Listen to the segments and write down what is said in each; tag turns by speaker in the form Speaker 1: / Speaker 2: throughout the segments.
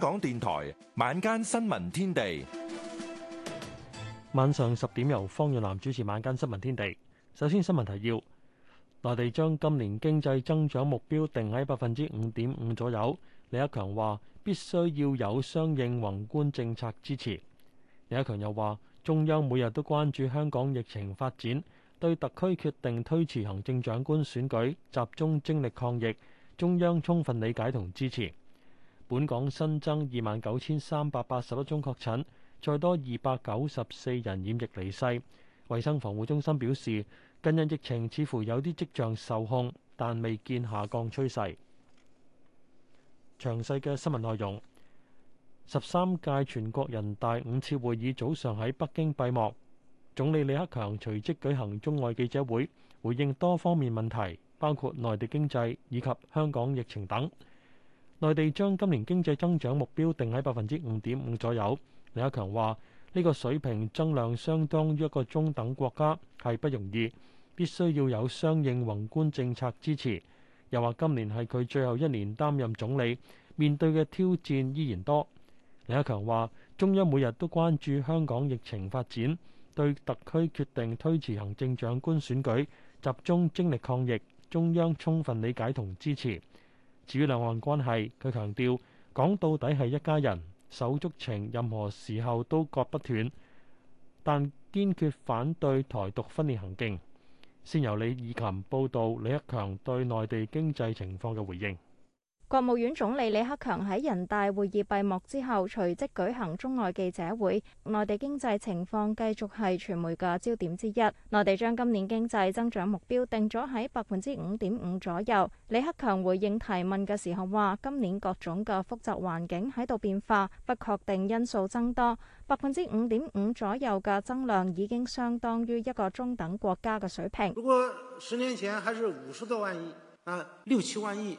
Speaker 1: 香港電台晚間新聞天地，晚上十點由方遠南主持。晚間新聞天地，首先新聞提要：內地將今年經濟增長目標定喺百分之五點五左右。李克強話必須要有相應宏觀政策支持。李克強又話，中央每日都關注香港疫情發展，對特區決定推遲行政長官選舉，集中精力抗疫，中央充分理解同支持。本港新增二萬九千三百八十一宗確診，再多二百九十四人染疫離世。衛生防護中心表示，近日疫情似乎有啲跡象受控，但未見下降趨勢。詳細嘅新聞內容，十三屆全國人大五次會議早上喺北京閉幕，總理李克強隨即舉行中外記者會，回應多方面問題，包括內地經濟以及香港疫情等。內地將今年經濟增長目標定喺百分之五點五左右。李克強話：呢個水平增量相當於一個中等國家，係不容易，必須要有相應宏觀政策支持。又話今年係佢最後一年擔任總理，面對嘅挑戰依然多。李克強話：中央每日都關注香港疫情發展，對特區決定推遲行政長官選舉，集中精力抗疫，中央充分理解同支持。至於兩岸關係，佢強調講到底係一家人，手足情任何時候都割不斷，但堅決反對台獨分裂行徑。先由李義琴報導李克強對內地經濟情況嘅回應。
Speaker 2: 國務院總理李克強喺人大會議閉幕之後，隨即舉行中外記者會。內地經濟情況繼續係傳媒嘅焦點之一。內地將今年經濟增長目標定咗喺百分之五點五左右。李克強回應提問嘅時候話，今年各種嘅複雜環境喺度變化，不確定因素增多。百分之五點五左右嘅增量已經相當於一個中等國家嘅水平。如
Speaker 3: 果十年前還是五十多萬億、啊、六七萬億。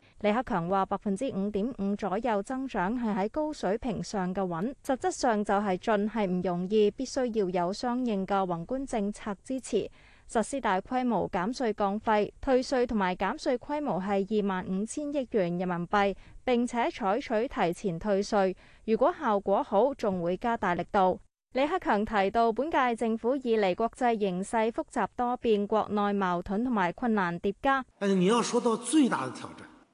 Speaker 2: 李克強話：百分之五點五左右增長係喺高水平上嘅穩，實質上就係進係唔容易，必須要有相應嘅宏觀政策支持，實施大規模減稅降費，退稅同埋減稅規模係二萬五千億元人民幣。並且採取提前退稅，如果效果好，仲會加大力度。李克強提到，本屆政府以嚟國際形勢複雜多變，國內矛盾同埋困難疊加。
Speaker 3: 你要說到最大嘅挑戰。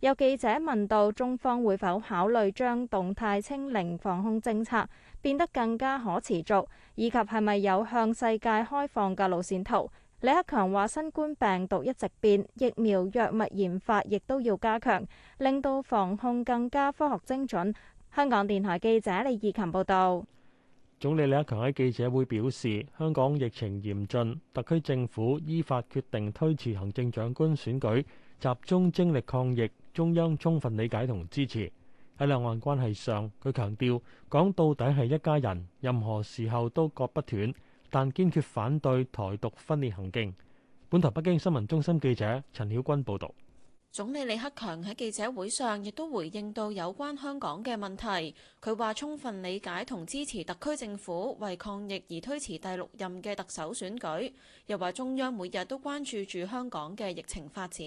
Speaker 2: 有記者問到中方會否考慮將動態清零防控政策變得更加可持續，以及係咪有向世界開放嘅路線圖？李克強話：新冠病毒一直變，疫苗藥物研發亦都要加強，令到防控更加科學精準。香港電台記者李義琴報道。
Speaker 1: 總理李克強喺記者會表示：香港疫情嚴峻，特區政府依法決定推遲行政長官選舉，集中精力抗疫。中央充分理解同支持。喺兩岸關係上，佢強調，講到底係一家人，任何時候都割不斷，但堅決反對台獨分裂行徑。本台北京新聞中心記者陳曉君報道。
Speaker 4: 總理李克強喺記者會上亦都回應到有關香港嘅問題，佢話充分理解同支持特區政府為抗疫而推遲第六任嘅特首選舉，又話中央每日都關注住香港嘅疫情發展。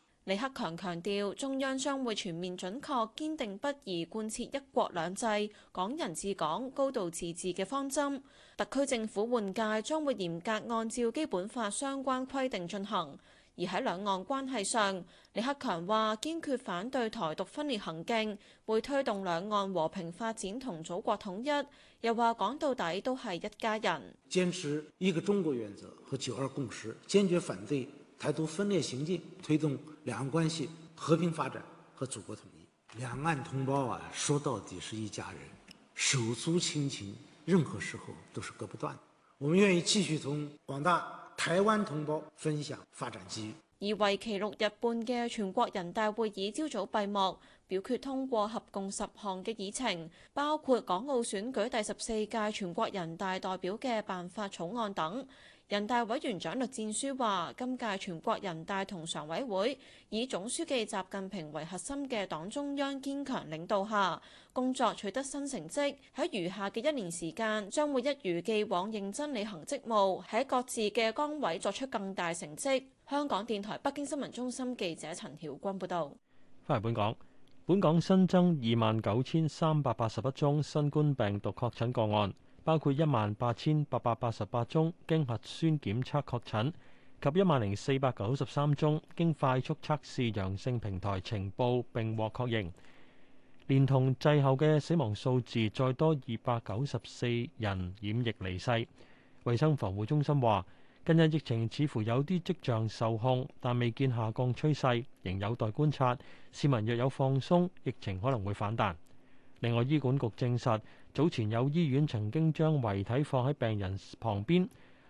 Speaker 4: 李克強強調，中央將會全面準確、準確、堅定不移貫徹一國兩制、港人治港、高度自治嘅方針。特區政府換屆將會嚴格按照基本法相關規定進行。而喺兩岸關係上，李克強話堅決反對台獨分裂行徑，會推動兩岸和平發展同祖國統一。又話講到底都係一家人，
Speaker 3: 堅持一個中國原則和九二共識，堅決反對。台獨分裂行徑，推動兩岸關係和平發展和祖國統一。兩岸同胞啊，說到底是一家人，手足親情，任何時候都是割不斷。我們願意繼續同廣大台灣同胞分享發展機
Speaker 4: 遇。而為期六日半嘅全國人大會議朝早閉幕，表決通過合共十項嘅議程，包括港澳選舉第十四屆全國人大代表嘅辦法草案等。人大委員長栗戰書話，今屆全國人大同常委會以總書記習近平為核心嘅黨中央堅強領導下，工作取得新成績。喺餘下嘅一年時間，將會一如既往認真履行職務，喺各自嘅崗位作出更大成績。香港電台北京新聞中心記者陳曉君報道。
Speaker 1: 翻嚟本港，本港新增二萬九千三百八十一宗新冠病毒確診個案。包括一萬八千八百八十八宗經核酸檢測確診及一萬零四百九十三宗經快速測試陽性平台呈報並獲確認，連同滯後嘅死亡數字，再多二百九十四人染疫離世。衛生防護中心話，近日疫情似乎有啲跡象受控，但未見下降趨勢，仍有待觀察。市民若有放鬆，疫情可能會反彈，另外，醫管局證實。早前有醫院曾經將遺體放喺病人旁邊，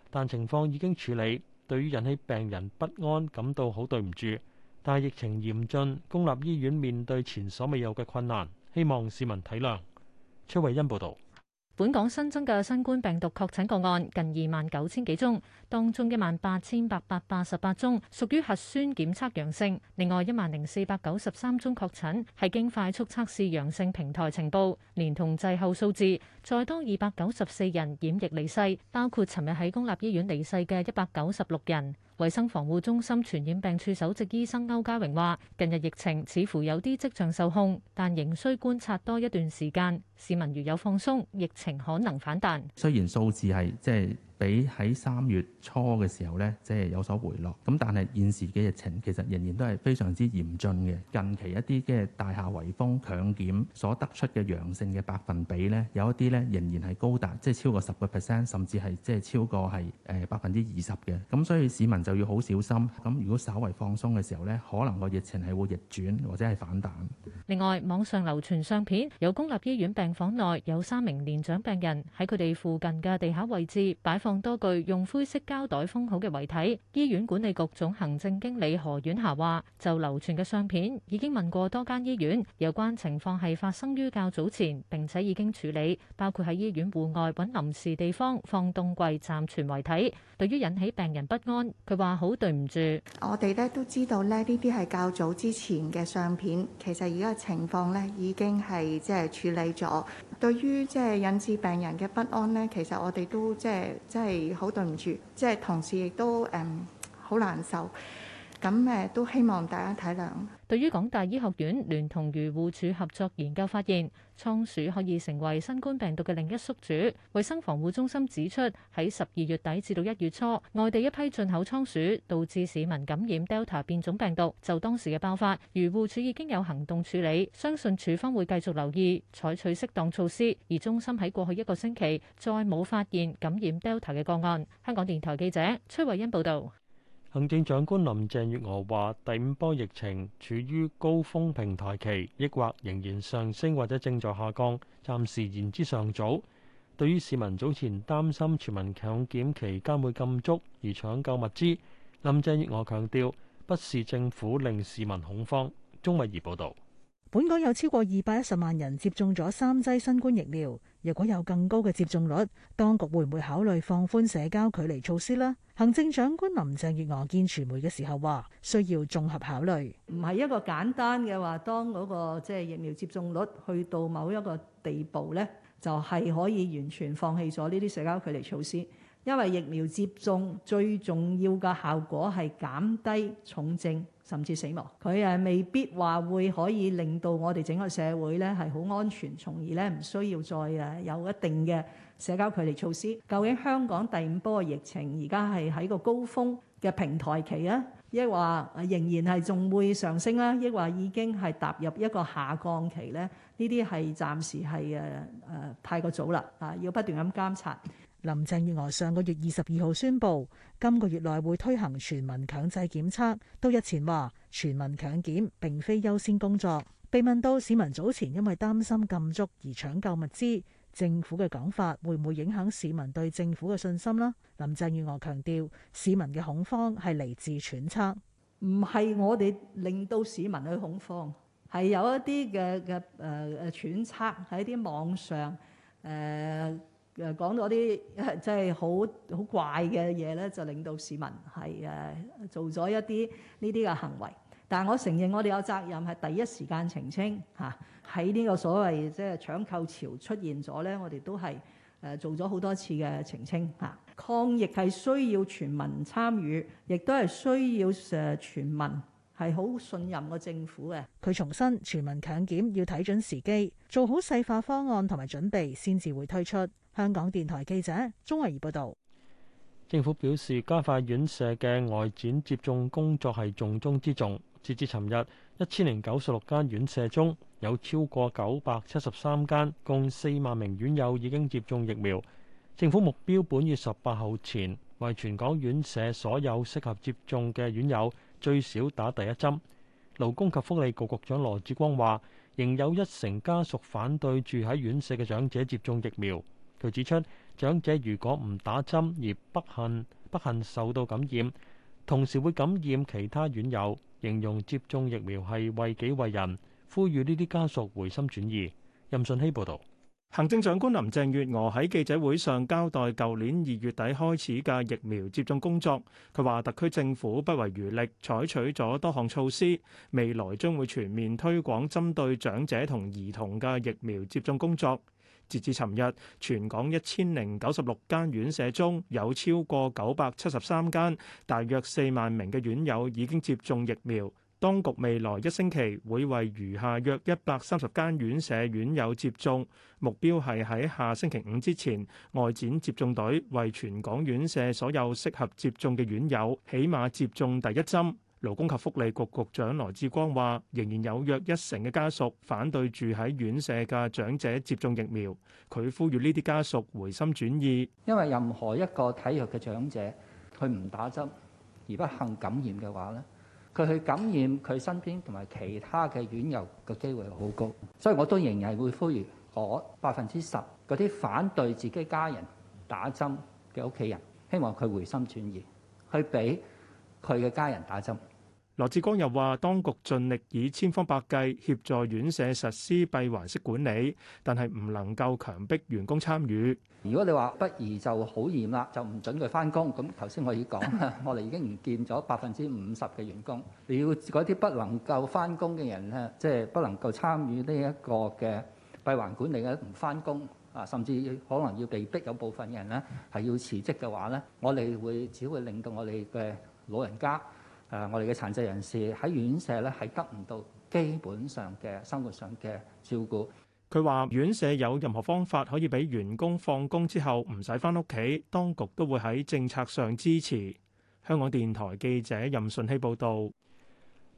Speaker 1: 但情況已經處理。對於引起病人不安，感到好對唔住。但係疫情嚴峻，公立醫院面對前所未有嘅困難，希望市民體諒。崔慧欣報導。
Speaker 5: 本港新增嘅新冠病毒確診個案近二萬九千幾宗，當中一萬八千八百八十八宗屬於核酸檢測陽性，另外一萬零四百九十三宗確診係經快速測試陽性平台呈報，連同滯後數字，再多二百九十四人染疫離世，包括尋日喺公立醫院離世嘅一百九十六人。衛生防護中心傳染病處首席醫生歐家榮話，近日疫情似乎有啲跡象受控，但仍需觀察多一段時間。市民如有放鬆，疫情可能反彈。
Speaker 6: 雖然數字係即係。就是比喺三月初嘅時候咧，即係有所回落。咁但係現時嘅疫情其實仍然都係非常之嚴峻嘅。近期一啲嘅大廈圍封強檢所得出嘅陽性嘅百分比咧，有一啲咧仍然係高達即係超過十個 percent，甚至係即係超過係誒百分之二十嘅。咁所以市民就要好小心。咁如果稍為放鬆嘅時候咧，可能個疫情係會逆轉或者係反彈。
Speaker 5: 另外，網上流傳相片有公立醫院病房內有三名年長病人喺佢哋附近嘅地下位置擺放。放多具用灰色膠袋封好嘅遺體，醫院管理局總行政經理何婉霞話，就流傳嘅相片，已經問過多間醫院，有關情況係發生於較早前，並且已經處理，包括喺醫院戶外揾臨時地方放凍櫃暫存遺體。對於引起病人不安，佢話好對唔住。
Speaker 2: 我哋咧都知道咧，呢啲係較早之前嘅相片。其實而家嘅情況咧已經係即係處理咗。對於即係引致病人嘅不安咧，其實我哋都即係即係好對唔住，即係同事亦都誒好難受。咁誒都希望大家體諒。
Speaker 5: 對於港大醫學院聯同漁護署合作研究發現，倉鼠可以成為新冠病毒嘅另一宿主。衛生防護中心指出，喺十二月底至到一月初，外地一批進口倉鼠導致市民感染 Delta 變種病毒。就當時嘅爆發，漁護署已經有行動處理，相信處方會繼續留意，採取適當措施。而中心喺過去一個星期再冇發現感染 Delta 嘅個案。香港電台記者崔慧欣報道。
Speaker 1: 行政長官林鄭月娥話：第五波疫情處於高峰平台期，抑或仍然上升或者正在下降，暫時言之尚早。對於市民早前擔心全民強檢期間會禁足而搶購物資，林鄭月娥強調不是政府令市民恐慌。鍾慧儀報導。本港有超過二
Speaker 7: 百一十萬人接種咗三劑新冠疫苗，如果有更高嘅接種率，當局會唔會考慮放寬社交距離措施呢？行政長官林鄭月娥見傳媒嘅時候話，需要綜合考慮，唔係一個簡單嘅話，當嗰個即係疫苗接種率去到某一個地步呢，就係可以完全放棄咗呢啲社交距離措施。因為疫苗接種最重要嘅效果係減低重症甚至死亡，佢係未必話會可以令到我哋整個社會咧係好安全，從而咧唔需要再誒有一定嘅社交距離措施。究竟香港第五波疫情而家係喺個高峰嘅平台期啊，抑或仍然係仲會上升啊，抑或已經係踏入一個下降期咧？呢啲係暫時係誒誒太過早啦，啊要不斷咁監察。林鄭月娥上個月二十二號宣布，今個月內會推行全民強制檢測。都日前話，全民強檢並非優先工作。被問到市民早前因為擔心禁足而搶救物資，政府嘅講法會唔會影響市民對政府嘅信心呢？林鄭月娥強調，市民嘅恐慌係嚟自揣測，唔係我哋令到市民去恐慌，係有一啲嘅嘅誒誒揣測喺啲網上誒。呃誒講咗啲即係好好怪嘅嘢咧，就令到市民係誒做咗一啲呢啲嘅行為。但係我承認，我哋有責任係第一時間澄清嚇。喺呢個所謂即係搶購潮出現咗咧，我哋都係誒做咗好多次嘅澄清嚇。抗疫係需要全民參與，亦都係需要誒全民係好信任個政府嘅。佢重申，全民強檢要睇準時機，做好細化方案同埋準備先至會推出。香港電台記者鍾慧怡報道，
Speaker 1: 政府表示加快院舍嘅外展接種工作係重中之重。截至尋日，一千零九十六間院舍中有超過九百七十三間，共四萬名院友已經接種疫苗。政府目標本月十八號前為全港院舍所有適合接種嘅院友最少打第一針。勞工及福利局局長羅致光話，仍有一成家屬反對住喺院舍嘅長者接種疫苗。佢指出，長者如果唔打針而不幸不幸受到感染，同時會感染其他院友，形容接種疫苗係為己為人，呼籲呢啲家屬回
Speaker 8: 心轉意。任順希報導。行政長官林鄭月娥喺記者會上交代，舊年二月底開始嘅疫苗接種工作，佢話特區政府不遺餘力採取咗多項措施，未來將會全面推廣針對長者同兒童嘅疫苗接種工作。截至尋日，全港一千零九十六間院舍中有超過九百七十三間，大約四萬名嘅院友已經接種疫苗。當局未來一星期會為餘下約一百三十間院舍院友接種，目標係喺下星期五之前外展接種隊為全港院舍所有適合接種嘅院友，起碼接種第一針。勞工及福利局局長羅致光話，仍然有約一成嘅家屬反對住喺院舍嘅長者接種疫苗。佢呼籲呢啲家屬回心轉意。因為任何一個體弱嘅長者，佢唔打針而不幸感染嘅話咧，佢去感染佢身邊同埋其他嘅院友嘅機會好高。所以，我都仍然係會呼籲我百分之十嗰啲反對自己家人打針嘅屋企人，希望佢回心轉意，去俾佢嘅家人打針。羅志光又話，當局盡力以千方百計協助院舍實施閉環式管理，但係唔能夠強迫員工參與。如果你話不如就好嚴啦，就唔準佢翻工。咁頭先我已講，我哋已經唔見咗百分之五十嘅員工。你要嗰啲不能夠翻工嘅人咧，即係不能夠參與呢一個嘅閉環管理嘅，唔翻工啊，甚至可能要被逼有部分人咧係要辭職嘅話咧，我哋會只會令到我哋嘅老人家。誒、啊，我哋嘅殘疾人士喺院舍咧，係得唔到基本上嘅生活上嘅照顧。佢話：院舍有任何方法可以俾員工放工之後唔使翻屋企，當局都會喺政策上支持。香港電台記者任順希報道，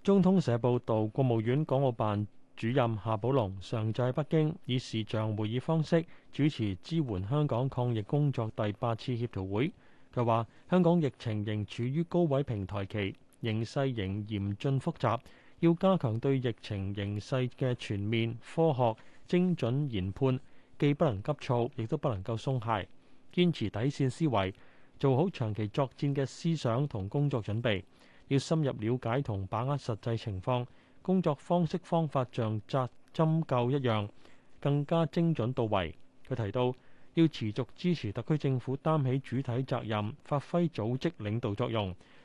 Speaker 8: 中通社報道國務院港澳辦主任夏寶龍
Speaker 1: 常在北京以視像會議方式主持支援香港抗疫工作第八次協調會。佢話：香港疫情仍處於高位平台期。形勢仍嚴峻複雜，要加強對疫情形勢嘅全面科學精準研判，既不能急躁，亦都不能夠鬆懈，堅持底線思維，做好長期作戰嘅思想同工作準備。要深入了解同把握實際情況，工作方式方法像扎針灸一樣，更加精準到位。佢提到要持續支持特區政府擔起主體責任，發揮組織領導作用。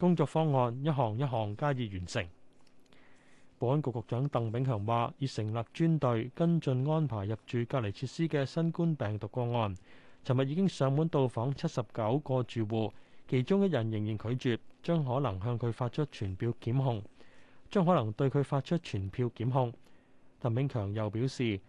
Speaker 1: 工作方案一行一行加以完成。保安局局長鄧炳強話，已成立專隊跟進安排入住隔離設施嘅新冠病毒個案。尋日已經上門到訪七十九個住戶，其中一人仍然拒絕，將可能向佢發出傳票檢控。將可能對佢發出傳票檢控。鄧炳強又表示，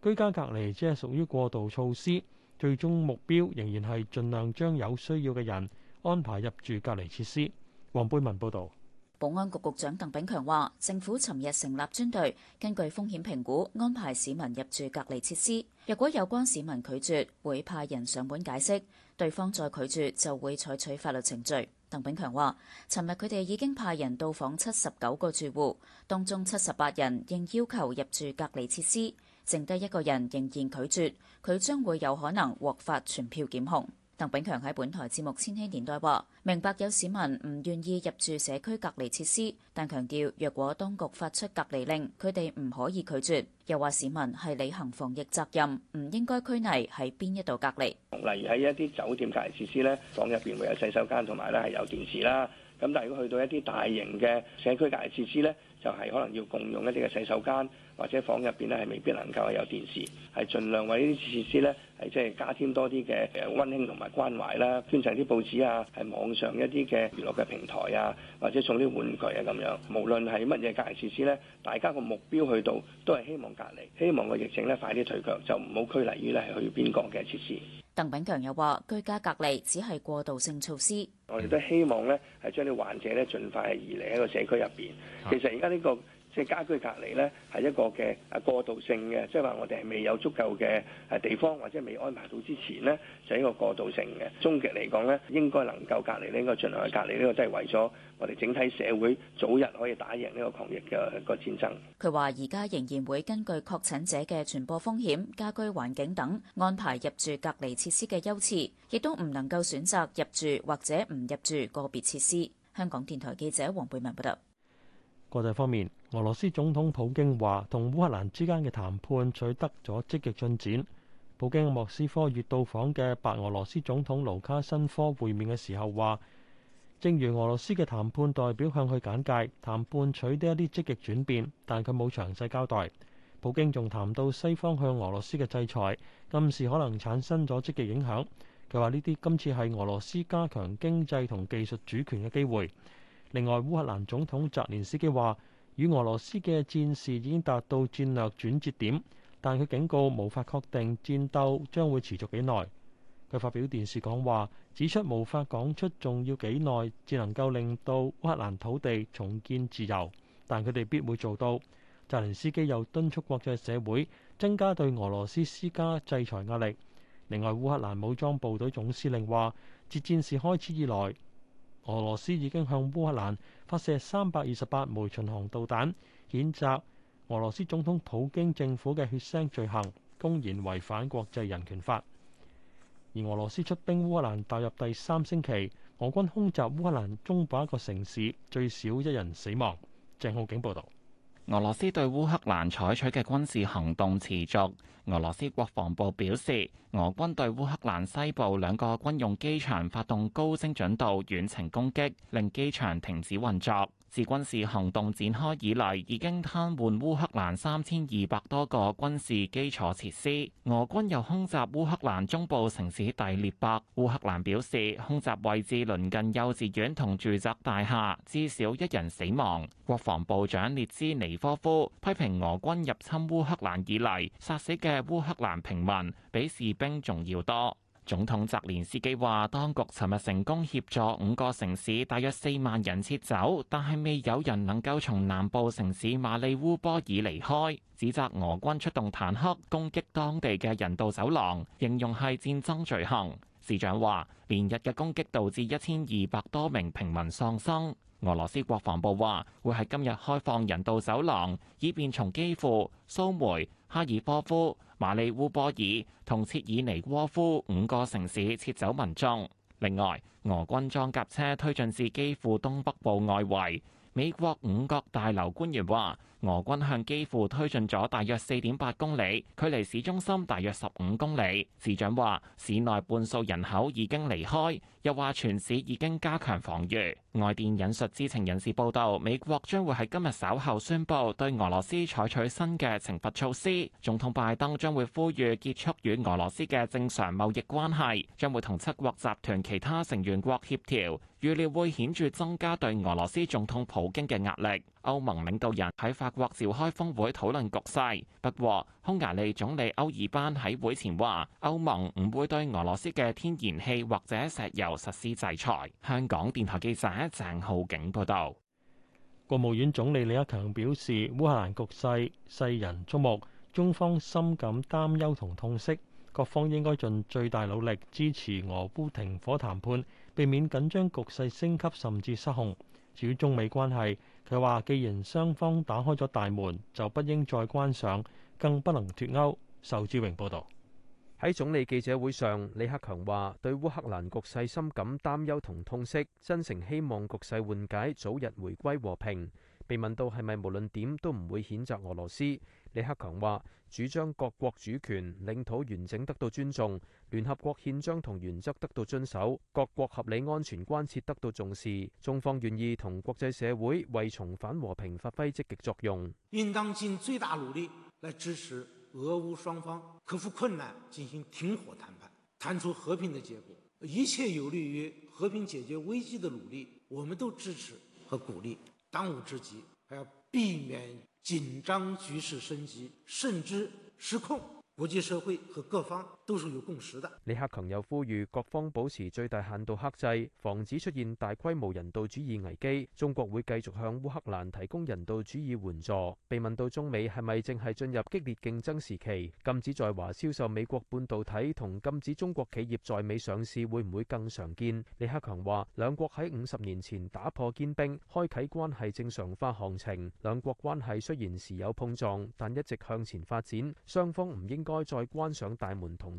Speaker 1: 居家隔離只係屬於過渡措施，最終目標仍然係盡量將有需要嘅人安排入住隔離設施。黃貝文報道，
Speaker 9: 保安局局長鄧炳強話：政府尋日成立專隊，根據風險評估安排市民入住隔離設施。若果有關市民拒絕，會派人上門解釋，對方再拒絕，就會採取法律程序。鄧炳強話：尋日佢哋已經派人到訪七十九個住戶，當中七十八人應要求入住隔離設施，剩低一個人仍然拒絕，佢將會有可能獲發傳票檢控。鄧炳強喺本台節目《千禧年代》話：，明白有市民唔願意入住社區隔離設施，但強調若果當局發出隔離令，佢哋唔可以拒絕。又話市民係履行防疫責
Speaker 10: 任，唔應該拘泥喺邊一度隔離。例如喺一啲酒店隔離設施咧，房入邊會有洗手間同埋咧係有電視啦。咁但係如果去到一啲大型嘅社區隔離設施咧。就係可能要共用一啲嘅洗手間，或者房入邊咧係未必能夠有電視，係盡量為呢啲設施咧係即係加添多啲嘅溫馨同埋關懷啦，捐贈啲報紙啊，係網上一啲嘅娛樂嘅平台啊，或者送啲玩具啊咁樣。無論係乜嘢隔離設施咧，大家個目標去到都係希望隔離，希望個疫情咧快啲退卻，就唔好拘泥於咧係去邊個嘅設施。
Speaker 9: 鄧炳強又話：居家隔離只係過渡
Speaker 10: 性措施，我哋都希望咧，係將啲患者咧盡快係移嚟一個社區入邊。其實而家呢個即係家居隔離咧，係一個嘅啊過渡性嘅，即係話我哋係未有足夠嘅啊地方，或者未安排到之前呢，就係一個過渡性嘅。終極嚟講呢，應該能夠隔離呢，應該盡量去隔離呢個，即係為咗我哋整體社會早日可以打贏呢個抗疫嘅個戰爭。
Speaker 9: 佢話：而家仍然會根據確診者嘅傳播風險、家居環境等安排入住隔離設施嘅優次，亦都唔能夠選擇入住或者唔入住個別設施。香港電台記者黃貝文報道。國
Speaker 1: 際方面，俄羅斯總統普京話，同烏克蘭之間嘅談判取得咗積極進展。普京喺莫斯科與到訪嘅白俄羅斯總統盧卡申科會面嘅時候話，正如俄羅斯嘅談判代表向佢簡介，談判取得一啲積極轉變，但佢冇詳細交代。普京仲談到西方向俄羅斯嘅制裁，暗示可能產生咗積極影響。佢話呢啲今次係俄羅斯加強經濟同技術主權嘅機會。另外，烏克蘭總統澤連斯基話，與俄羅斯嘅戰事已經達到戰略轉折點，但佢警告無法確定戰鬥將會持續幾耐。佢發表電視講話，指出無法講出仲要幾耐，至能夠令到烏克蘭土地重建自由，但佢哋必會做到。澤連斯基又敦促國際社會增加對俄羅斯施加制裁壓力。另外，烏克蘭武裝部隊總司令話，自戰事開始以來，俄羅斯已經向烏克蘭發射三百二十八枚巡航導彈，譴責俄羅斯總統普京政府嘅血腥罪行，公然違反國際人權法。而俄羅斯出兵烏克蘭踏入第三星期，俄軍空襲烏克蘭中部一個城市，最少一人死亡。鄭浩景報導。
Speaker 11: 俄羅斯對烏克蘭採取嘅軍事行動持續。俄羅斯國防部表示，俄軍對烏克蘭西部兩個軍用機場發動高精準度遠程攻擊，令機場停止運作。自軍事行動展開以嚟，已經癱瘓烏克蘭三千二百多個軍事基礎設施。俄軍又空襲烏克蘭中部城市第列伯。烏克蘭表示，空襲位置鄰近幼稚園同住宅大廈，至少一人死亡。國防部長列茲尼科夫批評俄軍入侵烏克蘭以嚟，殺死嘅烏克蘭平民比士兵仲要多。總統澤連斯基話，當局尋日成功協助五個城市大約四萬人撤走，但係未有人能夠從南部城市馬利烏波爾離開，指責俄軍出動坦克攻擊當地嘅人道走廊，形容係戰爭罪行。市長話，連日嘅攻擊導致一千二百多名平民喪生。俄羅斯國防部話會喺今日開放人道走廊，以便從基庫、蘇梅、哈爾科夫、馬利烏波爾同切爾尼沃夫五個城市撤走民眾。另外，俄軍裝甲車推進至基庫東北部外圍。美國五角大樓官員話。俄軍向基輔推進咗大約四點八公里，距離市中心大約十五公里。市長話：市內半數人口已經離開，又話全市已經加強防禦。外電引述知情人士報道，美國將會喺今日稍後宣布對俄羅斯採取新嘅懲罰措施。總統拜登將會呼籲結束與俄羅斯嘅正常貿易關係，將會同七國集團其他成員國協調，預料會顯著增加對俄羅斯總統普京嘅壓力。歐盟領導人喺法國召開峰會討論局勢，不過匈牙利總理歐爾班喺會前話，歐盟唔會對俄羅斯嘅天然氣或者石油實施制裁。香港電台記者鄭浩景報道。國務院總理李
Speaker 1: 克強表示，烏克蘭局勢世人矚目，中方深感擔憂同痛惜，各方應該盡最大努力支持俄烏停火談判，避免緊張局勢升級甚至失控。至於中美關係。就話：既然雙方打開咗大門，就不應再關上，更不能脫鉤。仇志榮
Speaker 6: 報導。喺總理記者會上，李克強話：對烏克蘭局勢深感擔憂同痛惜，真誠希望局勢緩解，早日回歸和平。被問到係咪無論點都唔會譴責俄羅斯？李克強話：主張各國主權、領土完整得到尊重，聯合國憲章同原則得到遵守，各國合理安全關切得到重視。中方願意同國際社會為重返和平發揮積極作用。
Speaker 3: 應當盡最大努力來支持俄烏雙方克服困難，進行停火談判，談出和平的結果。一切有利於和平解決危機的努力，我們都支持和鼓勵。當務之急，還要避免。緊張局勢升級，甚至失控，國際社會和各方。
Speaker 6: 李克強又呼籲各方保持最大限度克制，防止出現大規模人道主義危機。中國會繼續向烏克蘭提供人道主義援助。被問到中美係咪淨係進入激烈競爭時期，禁止在華銷售美國半導體同禁止中國企業在美上市會唔會更常見？李克強話：兩國喺五十年前打破堅冰，開啟關係正常化行程。兩國關係雖然時有碰撞，但一直向前發展。雙方唔應該再關
Speaker 3: 上大門同。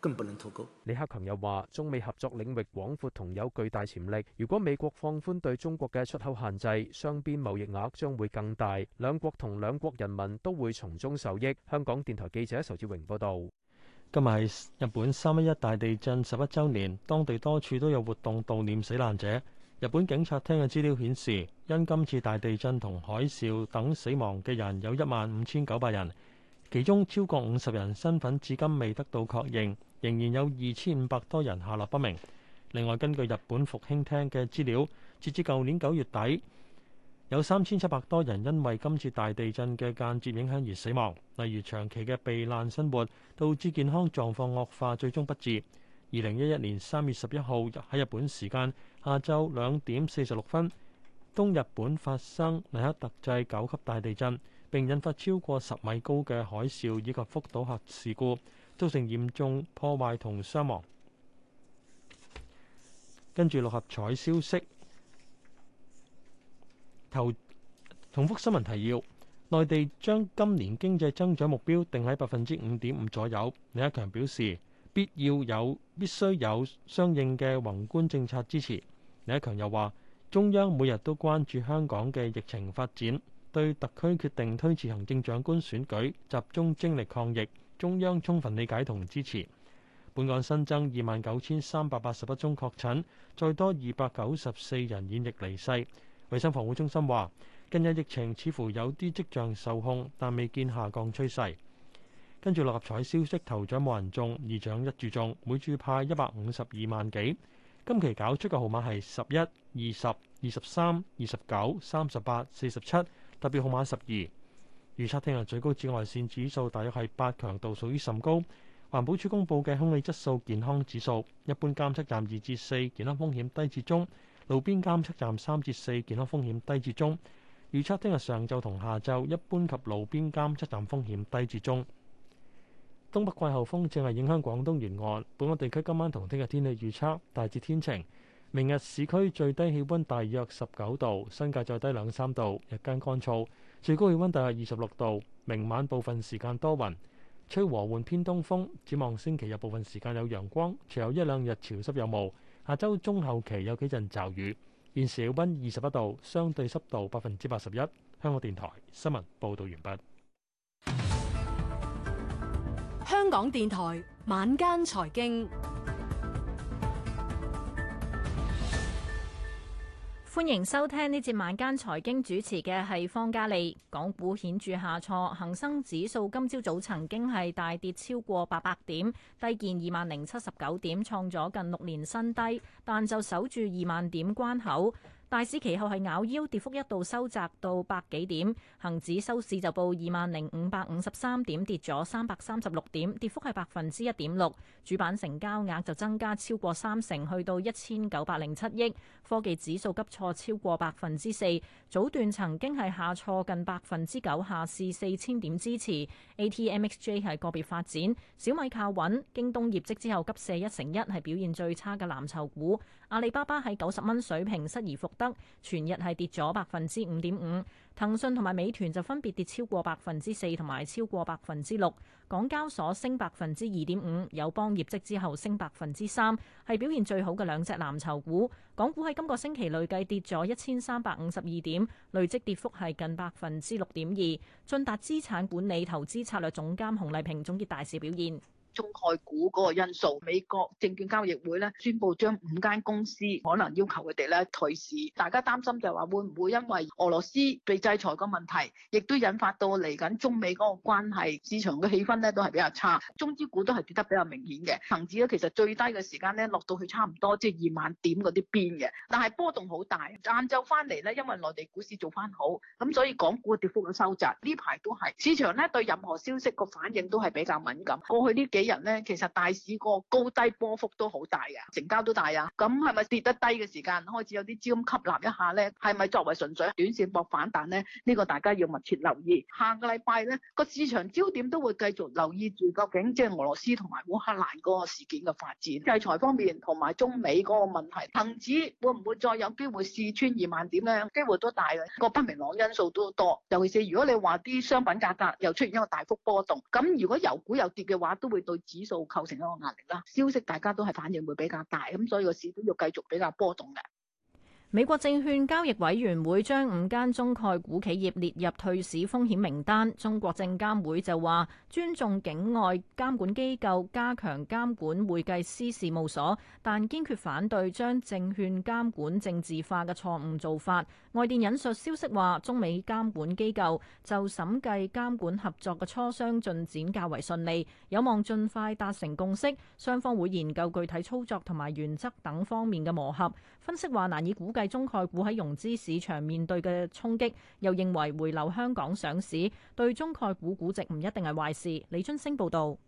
Speaker 6: 更不能脫勾。李克強又話：中美合作領域廣闊，同有巨大潛力。如果美國放寬對中國嘅出口限制，雙邊貿易額將會更大，
Speaker 1: 兩國同兩國人民都會從中受益。香港電台記者仇志榮報導。今日係日本三一一大地震十一週年，當地多處都有活動悼念死難者。日本警察廳嘅資料顯示，因今次大地震同海嘯等死亡嘅人有一萬五千九百人，其中超過五十人身份至今未得到確認。仍然有二千五百多人下落不明。另外，根據日本復興廳嘅資料，截至舊年九月底，有三千七百多人因為今次大地震嘅間接影響而死亡，例如長期嘅避難生活導致健康狀況惡化，最終不治。二零一一年三月十一號喺日本時間下晝兩點四十六分，東日本發生黎克特制九級大地震，並引發超過十米高嘅海嘯以及福島核事故。造成嚴重破壞同傷亡。跟住六合彩消息，同重複新聞提要：內地將今年經濟增長目標定喺百分之五點五左右。李克強表示，必要有必須有相應嘅宏觀政策支持。李克強又話，中央每日都關注香港嘅疫情發展，對特區決定推遲行政長官選舉，集中精力抗疫。中央充分理解同支持。本港新增二萬九千三百八十一宗確診，再多二百九十四人染疫離世。衛生防護中心話，近日疫情似乎有啲跡象受控，但未見下降趨勢。跟住六合彩消息，頭獎冇人中，二獎一注中，每注派一百五十二萬幾。今期搞出嘅號碼係十一、二十、二十三、二十九、三十八、四十七，特別號碼十二。預測聽日最高紫外線指數大約係八，強度屬於甚高。環保署公佈嘅空氣質素健康指數，一般監測站二至四，健康風險低至中；路邊監測站三至四，健康風險低至中。預測聽日上晝同下晝，一般及路邊監測站風險低至中。東北季候風正係影響廣東沿岸，本港地區今晚同聽日天氣預測大致天晴。明日市區最低氣溫大約十九度，新界再低兩三度，日間乾燥。最高氣溫大約二十六度，明晚部分時間多雲，吹和緩偏東風。展望星期日部分時間有陽光，除有一兩日潮濕有霧。下周中後期有幾陣驟雨。現時氣溫二十一度，相對濕度百分之八十一。香港電台新聞報道完畢。
Speaker 7: 香港電台
Speaker 12: 晚間財經。歡迎收聽呢節晚間財經，主持嘅係方嘉利。港股顯著下挫，恒生指數今朝早早曾經係大跌超過八百點，低見二萬零七十九點，創咗近六年新低，但就守住二萬點關口。大市其後係咬腰，跌幅一度收窄到百幾點，恆指收市就報二萬零五百五十三點，跌咗三百三十六點，跌幅係百分之一點六。主板成交額就增加超過三成，去到一千九百零七億。科技指數急挫超過百分之四，早段曾經係下挫近百分之九，下試四千點支持。ATMXJ 係個別發展，小米靠穩，京東業績之後急瀉一成一，係表現最差嘅藍籌股。阿里巴巴喺九十蚊水平失而復得全日係跌咗百分之五點五，騰訊同埋美團就分別跌超過百分之四同埋超過百分之六。港交所升百分之二點五，友邦業績之後升百分之三，係表現最好嘅兩隻藍籌股。港股喺今個星期累計跌咗一千三百五十二點，累積跌幅係近百分之六點二。駿達資產管理投資策略總監洪麗萍總結大市表現。中
Speaker 13: 概股嗰個因素，美國證券交易會咧宣布將五間公司可能要求佢哋咧退市，大家擔心就係話會唔會因為俄羅斯被制裁個問題亦都引發到嚟緊中美嗰個關係，市場嘅氣氛咧都係比較差，中資股都係跌得比較明顯嘅，恒指咧其實最低嘅時間咧落到去差唔多即係、就是、二萬點嗰啲邊嘅，但係波動好大。晏晝翻嚟咧，因為內地股市做翻好，咁所以港股嘅跌幅嘅收窄，呢排都係市場咧對任何消息個反應都係比較敏感。過去呢幾。人咧，其實大市個高低波幅都好大嘅，成交都大啊。咁係咪跌得低嘅時間開始有啲資金吸納一下咧？係咪作為純粹短線博反彈咧？呢個大家要密切留意。下個禮拜咧，個市場焦點都會繼續留意住，究竟即係俄羅斯同埋烏克蘭嗰個事件嘅發展、制裁方面同埋中美嗰個問題。恆指會唔會再有機會試穿二萬點咧？機會都大嘅，個不明朗因素都多。尤其是如果你話啲商品價格又出現一個大幅波動，咁如果油股又跌嘅話，都會。對指數構成一個壓力啦，消息大家都係反應會比較大，咁所以個市都要繼續比較波動嘅。
Speaker 12: 美國證券交易委員會將五間中概股企業列入退市風險名單。中國證監會就話尊重境外監管機構加強監管會計師事務所，但堅決反對將證券監管政治化嘅錯誤做法。外電引述消息話，中美監管機構就審計監管合作嘅磋商進展較為順利，有望盡快達成共識。雙方會研究具體操作同埋原則等方面嘅磨合。分析話難以估計中概股喺融資市場面對嘅衝擊，又認為回流香港上市對中概股估值唔一定係壞事。李春星報導。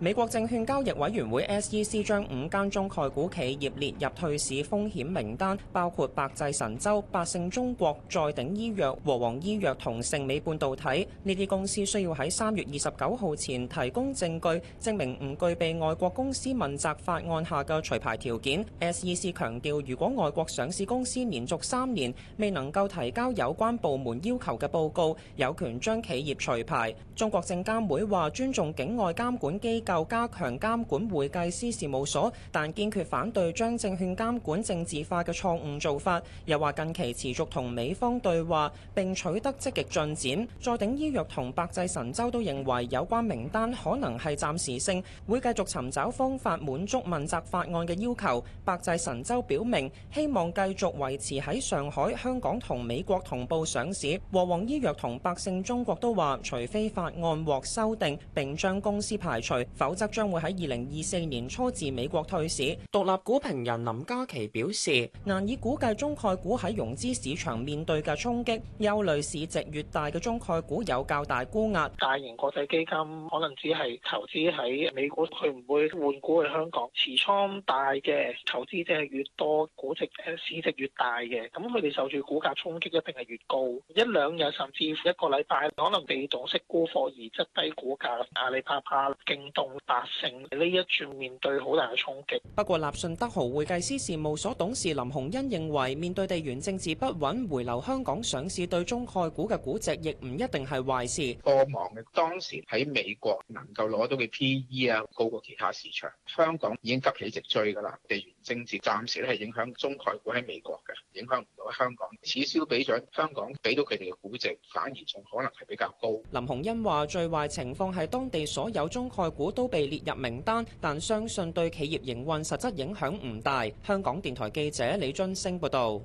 Speaker 14: 美國證券交易委員會 SEC 將五間中概股企業列入退市風險名單，包括百濟神州、百勝中國、再鼎醫藥、和黃醫藥同盛美半導體。呢啲公司需要喺三月二十九號前提供證據，證明唔具備外國公司問責法案下嘅除牌條件。SEC 強調，如果外國上市公司連續三年未能夠提交有關部門要求嘅報告，有權將企業除牌。中國證監會話尊重境外監管機夠加強監管會計師事務所，但堅決反對將證券監管政治化嘅錯誤做法。又話近期持續同美方對話，並取得積極進展。再鼎醫藥同百濟神州都認為有關名單可能係暫時性，會繼續尋找方法滿足問責法案嘅要求。百濟神州表明希望繼續維持喺上海、香港同美國同步上市。往往藥和黃醫藥同百勝中國都話，除非法案獲修訂，並將公司排除。否則將會喺二零二四年初自美國退市。獨立股評人林嘉琪表示，難以估計中概股喺融資市場面對嘅衝擊。憂慮市值越大嘅中概股有較大沽壓。大
Speaker 3: 型國際基金可能只係投資喺美股，佢唔會換股去香港。持倉大嘅投資者越多，股值市值越大嘅，咁佢哋受住股價衝擊一定係越高。一兩日甚至乎一個禮拜，可能被動式沽貨而質低股價。阿里巴巴、京東。共達成呢一轉面對好大嘅衝擊。
Speaker 14: 不過，立信德豪會計師事務所董事林洪恩認為，面對地緣政治不穩，回流香港上市對中概股嘅估值亦唔一定係壞事。
Speaker 15: 過望嘅，當時喺美國能夠攞到嘅 PE 啊，高過其他市場，香港已經急起直追㗎啦。地緣政治暫時咧係影響中概股喺美國嘅，影響唔到香港。此消彼長，香港俾到佢哋嘅估值，反而仲
Speaker 14: 可能係比較高。林鴻恩話：最壞情況係當地所有中概股都被列入名單，但相信對企業營運實質影響唔大。香港電台記者李俊星報道。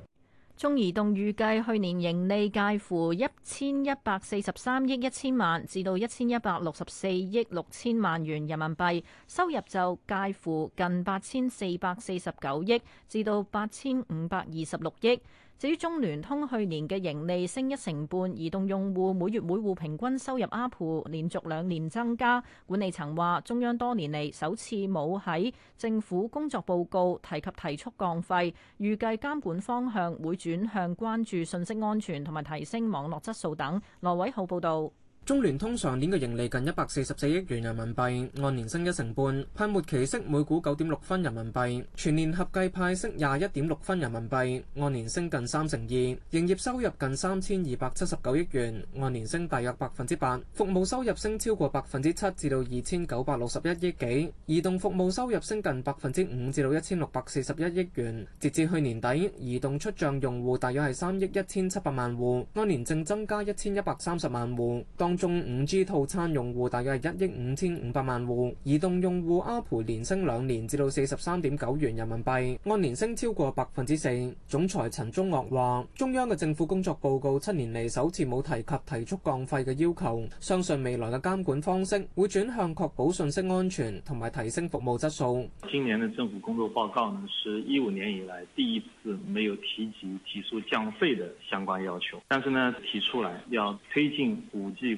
Speaker 12: 中移動預計去年盈利介乎一千一百四十三億一千萬至到一千一百六十四億六千萬元人民幣，收入就介乎近八千四百四十九億至到八千五百二十六億。至於中聯通去年嘅盈利升一成半，移動用戶每月每戶平均收入 ARPU，連續兩年增加。管理層話，中央多年嚟首次冇喺政府工作報告提及提速降費，預計監管方向會轉向關注信息安全同埋提升網絡質素等。羅
Speaker 15: 偉浩報導。中聯通上年嘅盈利近一百四十四億元人民幣，按年升一成半，派末期息每股九點六分人民幣，全年合計派息廿一點六分人民幣，按年升近三成二。營業收入近三千二百七十九億元，按年升大約百分之八。服務收入升超過百分之七，至到二千九百六十一億幾。移動服務收入升近百分之五，至到一千六百四十一億元。截至去年底，移動出賬用戶大約係三億一千七百萬戶，按年淨增加一千一百三十萬戶。當中五 G 套餐用戶大約係一億五千五百萬戶，移動用戶阿培連升兩年至到四十三點九元人民幣，按年升超過百分之四。總裁陳忠岳話：中央嘅政府工作報告七年嚟，首次冇提及提速降費嘅要求，相信未來嘅監管方式會轉向確保信息安全同埋提升服務質素。
Speaker 8: 今年嘅政府工作報告呢，是一五年以來第一次
Speaker 1: 沒有提及提速降費嘅相關要求，但是呢提出來要推
Speaker 8: 進五 G。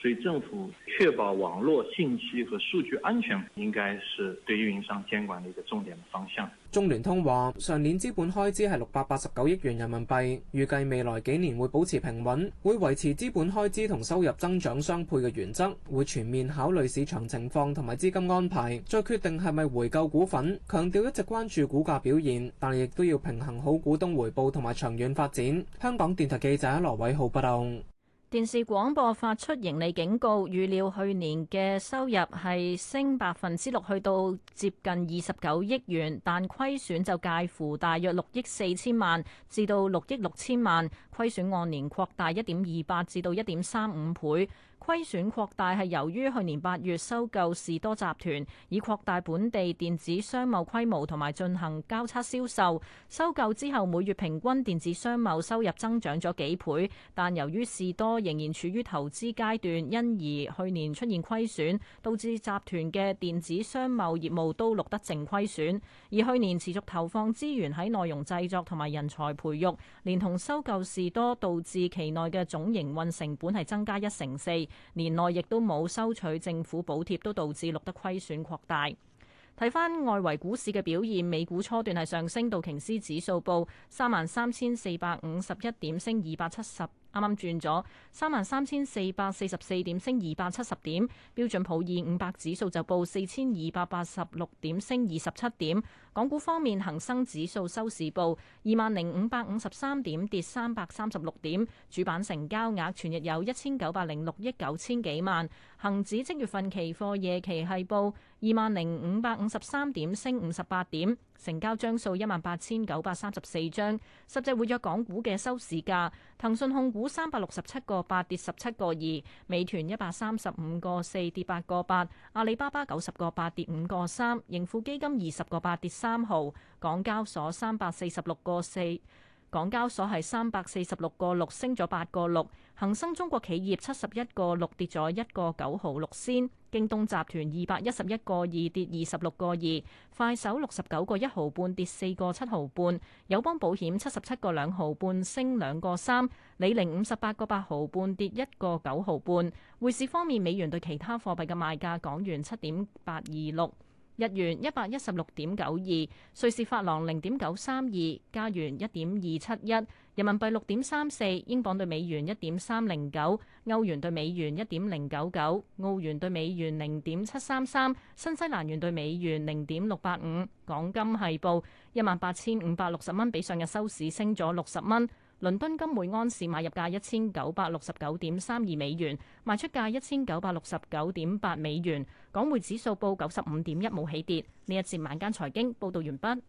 Speaker 8: 所以政府確保網絡信息和數據安全，應該是對運營商監管的一個重點的方向。
Speaker 15: 中聯通話，上年資本開支係六百八十九億元人民幣，預計未來幾年會保持平穩，會維持資本開支同收入增長相配嘅原則，會全面考慮市場情況同埋資金安排，再決定係咪回購股份。強調一直關注股價表現，但亦都要平衡好股東回報同埋長遠發展。香港電台記者羅偉浩報道。
Speaker 12: 電視廣播發出盈利警告，預料去年嘅收入係升百分之六，去到接近二十九億元，但虧損就介乎大約六億四千萬至到六億六千萬，虧損按年擴大一點二八至到一點三五倍。虧損擴大係由於去年八月收購士多集團，以擴大本地電子商貿規模同埋進行交叉銷售。收購之後，每月平均電子商貿收入增長咗幾倍，但由於士多仍然處於投資階段，因而去年出現虧損，導致集團嘅電子商貿業務都錄得淨虧損。而去年持續投放資源喺內容製作同埋人才培育，連同收購士多，導致期內嘅總營運成本係增加一成四。年內亦都冇收取政府補貼，都導致錄得虧損擴大。睇返外圍股市嘅表現，美股初段係上升，道瓊斯指數報三萬三千四百五十一點，升二百七十。啱啱轉咗三萬三千四百四十四點，升二百七十點。標準普爾五百指數就報四千二百八十六點，升二十七點。港股方面，恒生指數收市報二萬零五百五十三點，跌三百三十六點。主板成交額全日有一千九百零六億九千幾萬。恒指即月份期貨夜期係報二萬零五百五十三點，升五十八點。成交張數一萬八千九百三十四張，十隻活躍港股嘅收市價：騰訊控股三百六十七個八跌十七個二，美團一百三十五個四跌八個八，阿里巴巴九十個八跌五個三，盈富基金二十個八跌三毫，港交所三百四十六個四，港交所係三百四十六個六升咗八個六，恒生中國企業七十一個六跌咗一個九毫六仙。京東集團二百一十一個二跌二十六個二，快手六十九個一毫半跌四個七毫半，友邦保險七十七個兩毫半升兩個三，李寧五十八個八毫半跌一個九毫半。匯市方面，美元對其他貨幣嘅賣價，港元七點八二六。日元一百一十六點九二，瑞士法郎零點九三二，加元一點二七一，人民幣六點三四，英鎊對美元一點三零九，歐元對美元一點零九九，澳元對美元零點七三三，新西蘭元對美元零點六八五，港金係報一萬八千五百六十蚊，比上日收市升咗六十蚊。倫敦金每盎司買入價一千九百六十九點三二美元，賣出價一千九百六十九點八美元。港匯指數報九十五點一，冇起跌。呢一節晚間財經報導完畢。